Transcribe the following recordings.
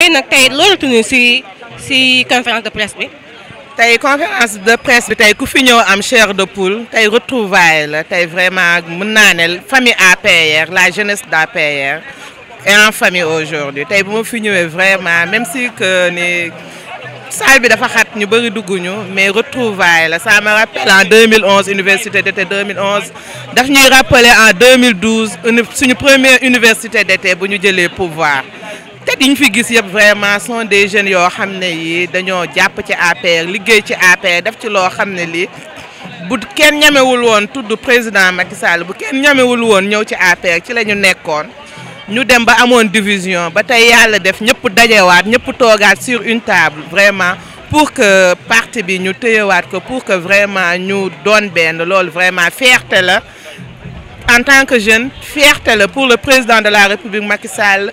tey nag tey loolu si si conférence de presse bi. tey conférence de presse bi tey ku fi ñëw am chair de poule tey retrouvaille la tey vraiment mën naa ne famille APR la jeunesse d'APR est en famille aujourd'hui tey bu ma fi ñëwee vraiment même si que ni salle bi dafa xat ñu bëri dugguñu mais retrouvaille la ça me rappelle en 2011 université d'été 2011 daf ñuy rappeler en 2012 suñu première université d'été bu ñu jëlee pouvoir. tête une figure fi vraiment sont des jeunes yo xamné yi dañoo japp ci APR liggéey ci APR def ci lo xamné li bu kenn ñamewul woon tuddu président Macky Sall bu kenn ñamewul woon ñëw ci APR ci lañu ñu nekkoon ñu dem ba amone division ba tay yalla def ñëpp waat ñëpp togaat sur une table vraiment pour que parti bi ñu waat ko pour que vraiment ñu doon ben lool vraiment fierté la en tant que jeune fierté la pour le président de la République Macky Sall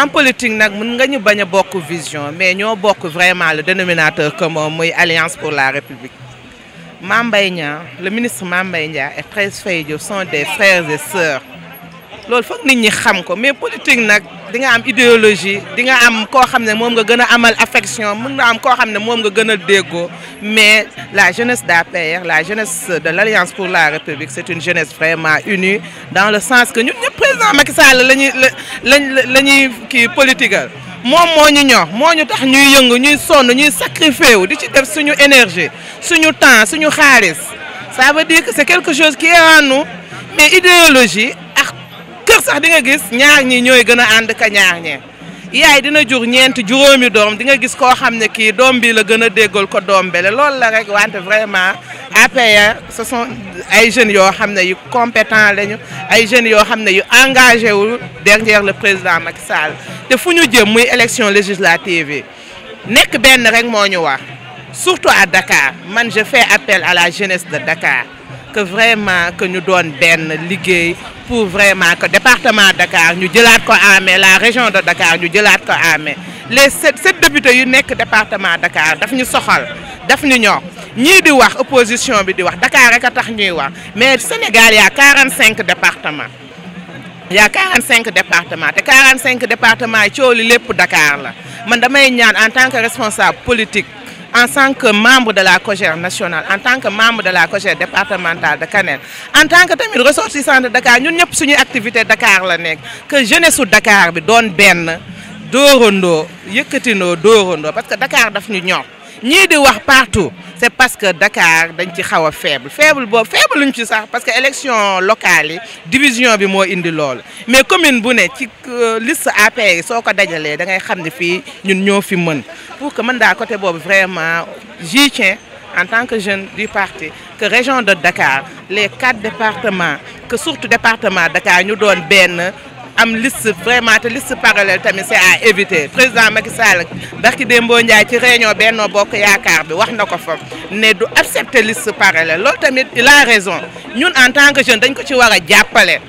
en politique nous avons beaucoup de vision mais nous avons vraiment le dénominateur commun l'alliance alliance pour la république le ministre Mame et de son sont des frères et sœurs loolu foog nit ñi xam ko mais politique nak di nga am idéologie di nga am ko xamne mom nga gëna amal affection mën nga am ko nga mais la jeunesse d'APR la jeunesse de l'Alliance pour la République c'est une jeunesse vraiment unie dans le sens que nous sommes président Macky Sall lañuy lañuy ki politique mom moo ñu ñor moo ñu tax ñuy yëng ñuy son ñuy sacrifier wu di ci def suñu énergie suñu temps suñu xaalis ça veut dire que c'est quelque chose qui est en nous mais idéologie kër sax di nga gis ñaar ñi ñooy gën a ànd ka ñaar ñe yaay dina jur ñeent juróomi doom di nga gis koo xam ne kii doom bi la gën a déggal ko doom bele loolu la rek wante vraiment APR hein, ce sont ay jeunes yoo xam ne yu compétent lañu ay jeunes yoo xam ne yu engagé wu derrière le président Macky Sall te fu ñu jëm muy élection législative yi nekk benn rek moo ñu wax surtout à Dakar man je fais appel à la jeunesse de Dakar que vraiment que nous doon bien liguer pour vraiment que département de Dakar ñu jëlaat ko amé la région de Dakar ñu jëlaat ko amé les sept sept députés yu nekk département Dakar daf ñu soxal daf ñu ñor ñi di wax opposition bi di wax Dakar rek tax ñuy wax mais Sénégal y a 45 départements Il y a 45 départements et 45 départements yi coow li lépp Dakar la man damay ñaan en tant que responsable politique en tant que membre de la Cogère nationale en tant que membre de la Cogère départementale de Canel, en tant que tamit ressortissant de Dakar ñun une activité Dakar la que jeunesse de Dakar bi doon benn dóorandoo deux parce que Dakar daf ñu ñor Nous di wax partout c'est parce que Dakar dañ ci faible faible faible parce que élection locale division faible, faible, faible, mais commune bu ne ci euh, liste APR faible, faible, da ngay xam faible, faible, ñun pour que man côté Bob vraiment j'y tiens en tant que jeune du parti que région de Dakar les quatre départements que surtout département Dakar ñu donne Ben am liste vraiment liste parallèle tamit c'est à éviter président Macky Sall barki Dembo Ndiaye ci réunion Benno Bokk yakar bi wax na ko fa ne du accepter liste parallèle lol tamit il a raison ñun en tant que jeune dañ ko ci wara jappalé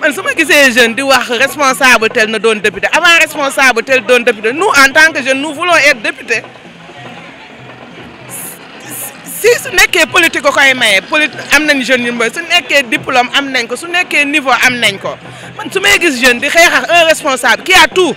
man su ma gisee jeune di wax responsable tel na doon député avant responsable tel donne député nous en tant que jeunes nous voulons être député si ce n'est que politique quoi mais politique am jeune yu mbay su nekkee diplôme am nañ ko su que niveau am ko man su may gis jeune di xeex un responsable qui a tout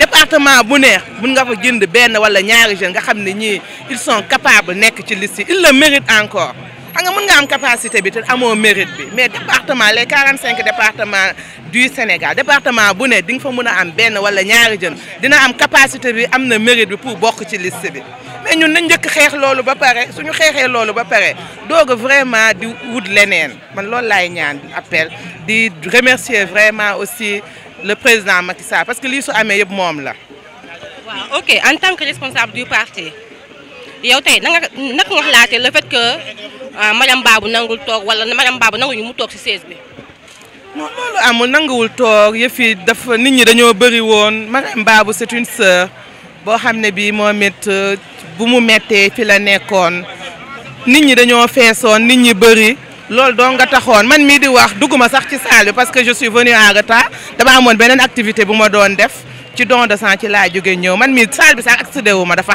département bu vous mun nga fa bien benn wala ñaari jeunes nga xam ne ils sont capables nekk ci liste ils le méritent encore xam nga mun am capacité bi te un mérite bi mais département les 45 départements du Sénégal département bu ne di nga fa mun a am benn wala ñaari jeunes dina am capacité bi am mérite bi pour bokk ci liste bi mais ñun nañ njëkk xeex loolu ba pare suñu xeexee loolu ba pare doog vraiment di wut leneen man loolu laay ñaan appel di remercier vraiment aussi le président Macky parce que lui su un meilleur homme ok en tant que responsable du parti yow tey naka naka le fait que euh, madame Babou nangul ou wala madame Babou pas mu ci siège bi. non non, pas c'est une sœur ne euh, bu la ñi dañoo loolu doo nga taxoon man mii di wax sax salle parce que je suis venu en retard dama amoon une activité que ma doon def ci don de sang ci laa jóge ñëw man mii salle bi sax ma dafa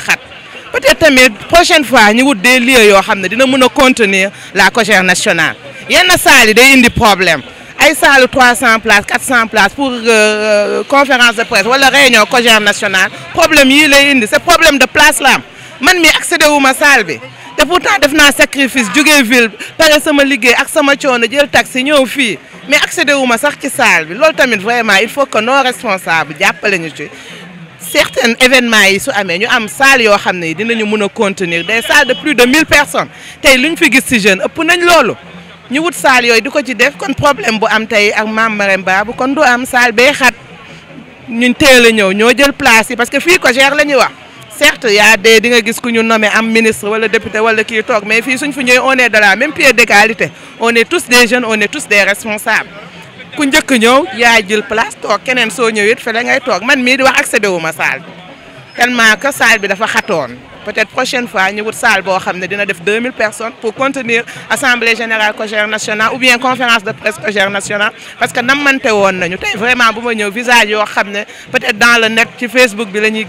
peut-être la prochaine fois ñu wut des lieux yoo contenir ne dina nationale. Il contenir la cogère nationale yenn salle yi day indi problème ay salle 300 places 400 places pour euh, euh, conférence de presse wala réunion cogère nationale problème il lay indi c'est problème de place la man mii accédé à ma salle te pourtant def un sacrifice jógee ville pare sama liggéey ak sama coono jël taxi mais accédé ma sax ci salle bi vraiment il faut que nos responsables certains événements yi su ñu am salle contenir des salles de plus de 1000 personnes fi ci jeune ëpp nañ ñu wut salle nous problème bu am ak kon du am salle place parce que c'est ko gère certes yaa dee di nga gis ku ñu nommé am ministre wala député wala kii toog mais fii suñ fu ñëwee on est de la même pied d'égalité on est tous des jeunes on est tous des responsables ku njëkk ñëw yaa jël place toog keneen soo ñëwee it ngay toog man mii di wax accédé wu ma salle bi tellement que salle bi dafa xatoon. peut-être prochaine fois nous wut salle 2000 personnes pour contenir l'Assemblée générale Cogère nationale ou bien conférence de presse Cogère nationale parce que nous avons vraiment besoin de visages, visage peut-être dans le net ci Facebook bi avons ñuy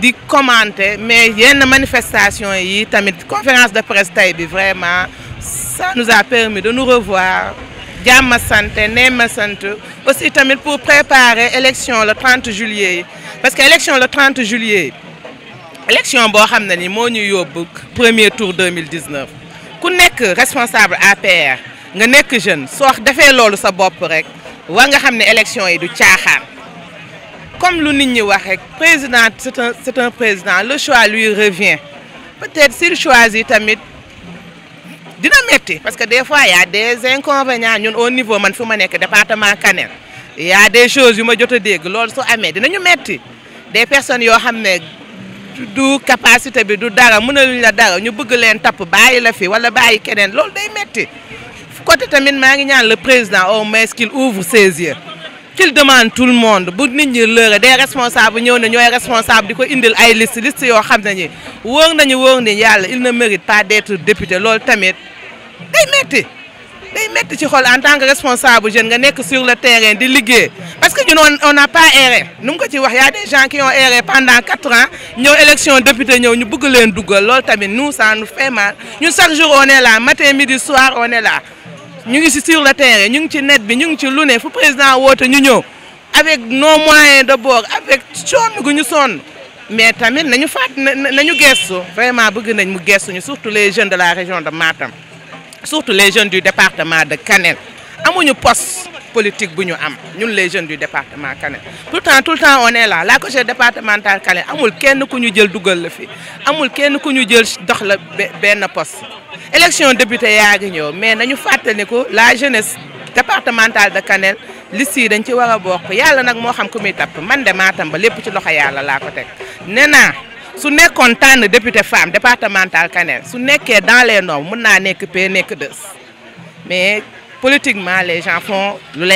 de commenter. Mais il y di commenter manifestation une conférence de presse vraiment ça nous a permis de nous revoir santé, sant neema sant aussi pour préparer l'élection le 30 juillet parce que l'élection le 30 juillet l'élection boo a ni premier tour 2019 ku nekk responsable APR nga nekk jeune il defee loolu sa bopp rek il nga xam ne élection du comme lu dit, ñi président c'est un président le choix lui revient peut-être s'il choisit il va mettre. parce que des fois il y a des inconvénients au niveau man département Kanel y a des choses yu ma jot a dégg loolu su amee dinañu metti des personnes yoo xam ne du capacité bi du dara mënaluñ la dara ñu bëgg leen tapp bàyyi la fi wala bàyyi keneen lool day metti côté tamit maa ngi ñaan le président au moins qu'il ouvre ses yeux qu'il demande tout le monde but nit ñi lëre des responsables ñëw ne ñooy responsable di ko indil ay list liste yoo xam ne ñi wóor nañu wóor ni yàlla il ne mérite pas d'être député loolu tamit day metti Mais métti ci xol en tant que responsable jeune que sur le terrain di parce que on n'a pas erré Nous y des gens qui ont erré pendant quatre ans élection député nous nous ça nous fait mal Nous, chaque jour on est là matin midi soir on est là Nous, sommes sur le terrain ñu ngi nous net bi ñu ngi ci avec nos moyens de bord avec mais nous nous vraiment nous surtout les jeunes de la région de Matam surtout les jeunes du département de Kanel amuñu poste politique bu ñu am ñun les jeunes du département Kanel pourtant tout le temps on est là la causerie départementale Kanel amul kenn ku ñu jël dugal la fi amul kenn ku ñu jël dox la benn poste élection député à ngi mais nañu fàttali ko la jeunesse départementale de Kanel liste yi dañ ci war a bokk yàlla nag moo xam ku muy tapp man de maatam ba lépp ci loxo yàlla laa ko teg si su content de député femme départemental si su êtes dans les normes vous n'avez pas de que deux mais politiquement les gens font lu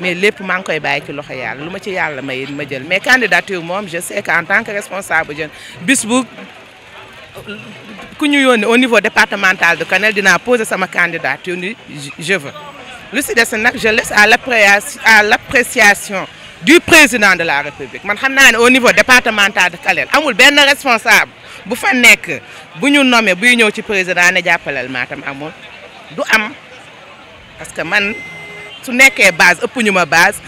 mais les pour manquer koy que ci le matériel lu mais candidature moi, je sais qu'en tant que responsable je bis au niveau départemental de canel vais poser ma candidature je veux je laisse à l'appréciation du président de la république man suis au niveau départemental de Calais. amul ben responsable bu fa bu ñu ci président parce que man su base nous sommes base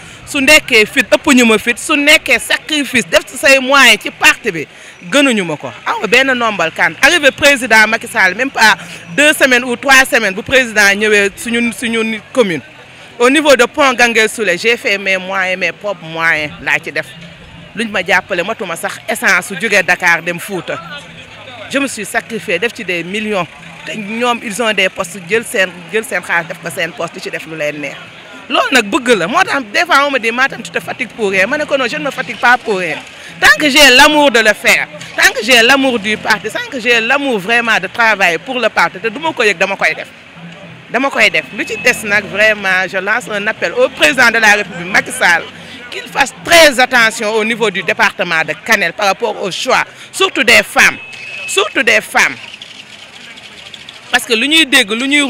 su fit sacrifice def ci say ci parti bi ko président Macky Sall même pas deux semaines ou trois semaines bu président suñu suñu commune au niveau de pont gangue Soule j'ai fait mes moyens mes propres moyens laa ci def luñ ma jàppale matuma sax essence su Dakar dem foot je me suis sacrifié def ci des millions té ñom ils ont des postes jël sen jël sen xaar def ko sen poste ci def lu leen neex lool nak bëgg la motam des fois on me dit Matam tu te fatigues pour rien mané ko non je ne me fatigue pas pour rien tant que j'ai l'amour de le faire tant que j'ai l'amour du parti tant que j'ai l'amour vraiment de travailler pour le parti té duma ko yëg dama koy def vraiment je lance un appel au président de la République Macky Sall qu'il fasse très attention au niveau du département de Canel par rapport au choix surtout des femmes surtout des femmes parce que lu ñuy dégg lu ñuy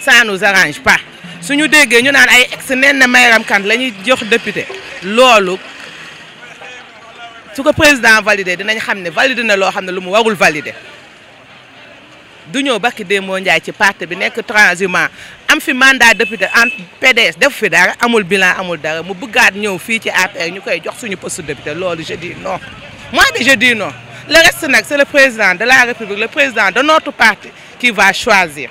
ça nous arrange pas suñu député président validé dinañ ne du ñëw bakki Demba Ndiaye ci parti bi nekk transhumant am fi mandat député en PDS def fi dara amul bilan amul dara mu buggaat ñëw fii ci APR ñu koy jox suñu poste député loolu je dis non moi bi je dis non le reste nag c'est le président de la République le président de notre parti qui va choisir.